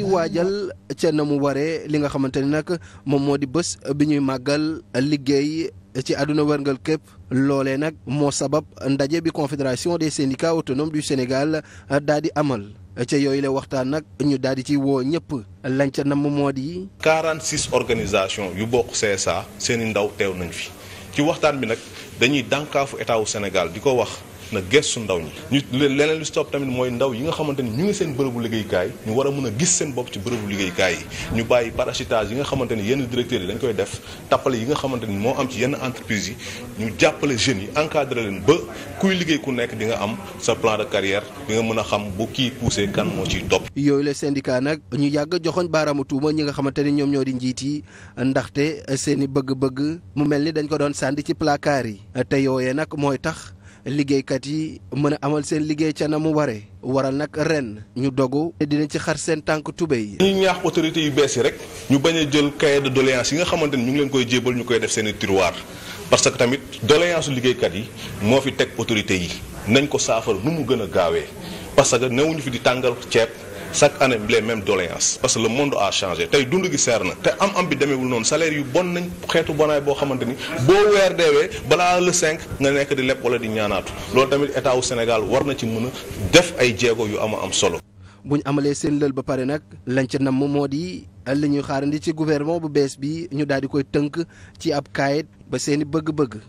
di waajal ca na mu waree li nga xamante ni nag moom moo di bés bi ñuy màggal liggéey ci àdduna wërngal képp loole nag moo sabab ndaje bi confédération des syndicats autonomes du Sénégal daal di amal ca yooyu la waxtaan nag ñu daal di ci woo ñëpp lañ ca namm moo di. 46 organisations yu bokk CSA seen i ndaw teew nañ fi ci waxtaan bi nag dañuy dànkaafu état wu Sénégal di ko wax. na gestu ndaw ñi ñu leneen lu si tamit mooy ndaw yi nga xamante ni ñu ngi seen bërëbu liggéeykaay ñu war a mën a gis seen ci bërëbu liggéeykaay yi ñu bàyyi parachutage yi nga xamante ni yenn directeurs yi koy def tappale yi nga xamante ni moo am ci yenn entreprise yi ñu jàppale jeunes yi encadré leen ba kuy liggéey ku nekk di nga am sa plan de carrière di nga mën a xam bu kii poussé kan moo ciy topp yooyu la syndicat nag ñu yàgg joxoñ baaraamu tuuma ñi nga xamante ni ñoom ñoo di njiit yi ndaxte seen i bëgg-bëgg mu mel ni dañ ko doon sànni ci placard yi te yooye nag mooy tax liggéeykat yi mën a amal seen liggéey ca na mu waree waral nag ren ñu dogu dina ci xar seen tànk tubéy yi. ñuy ñaax autorités yu bees yi rek ñu bañ a jël cahier de doléance yi nga xamante ni ñu ngi leen koy jébal ñu koy def seen i tiroir parce que tamit doléance liggéeykat yi moo fi teg autorité yi nañ ko saafara nu mu gën a gaawee parce que newuñu fi di tàngal ceeb. chaque année les mêmes doléances parce que le monde a changé tey dund gi seer na te am am bi demeewul noonu salaire yu bon nañ xeetu bonaay boo xamante ni boo weer deewee balaa le cinq nga nekk di lepp wala di ñaanaatu loolu tamit état wu Sénégal war na ci mën a def ay jéego yu am a am solo bu ñu amalee seen lël ba pare nag lañ ca namm moo di li ñuy xaarandi ci gouvernement bu bees bi ñu daal di koy tënk ci ab kaayit ba seeni bëgg-bëgg